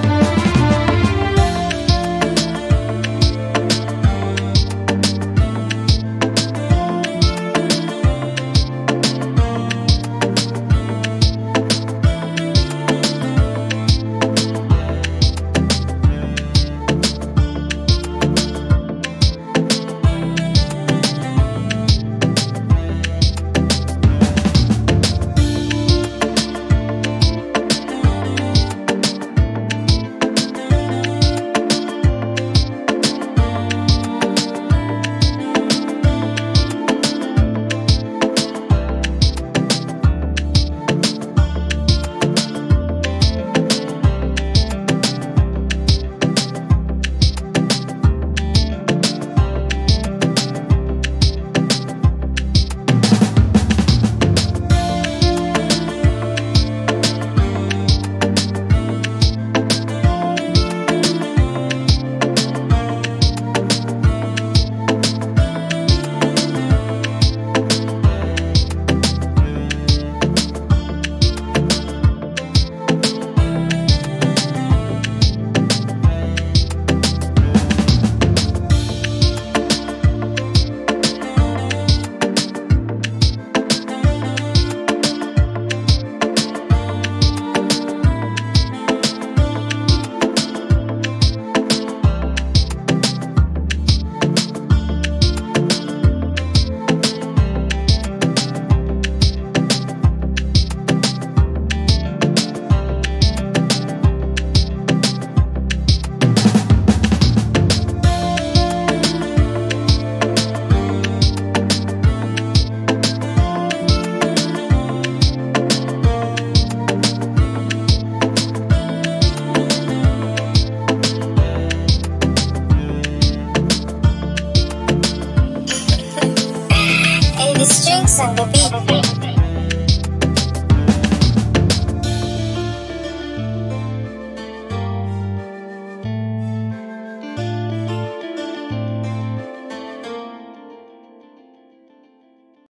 beat. Jinx and the beat.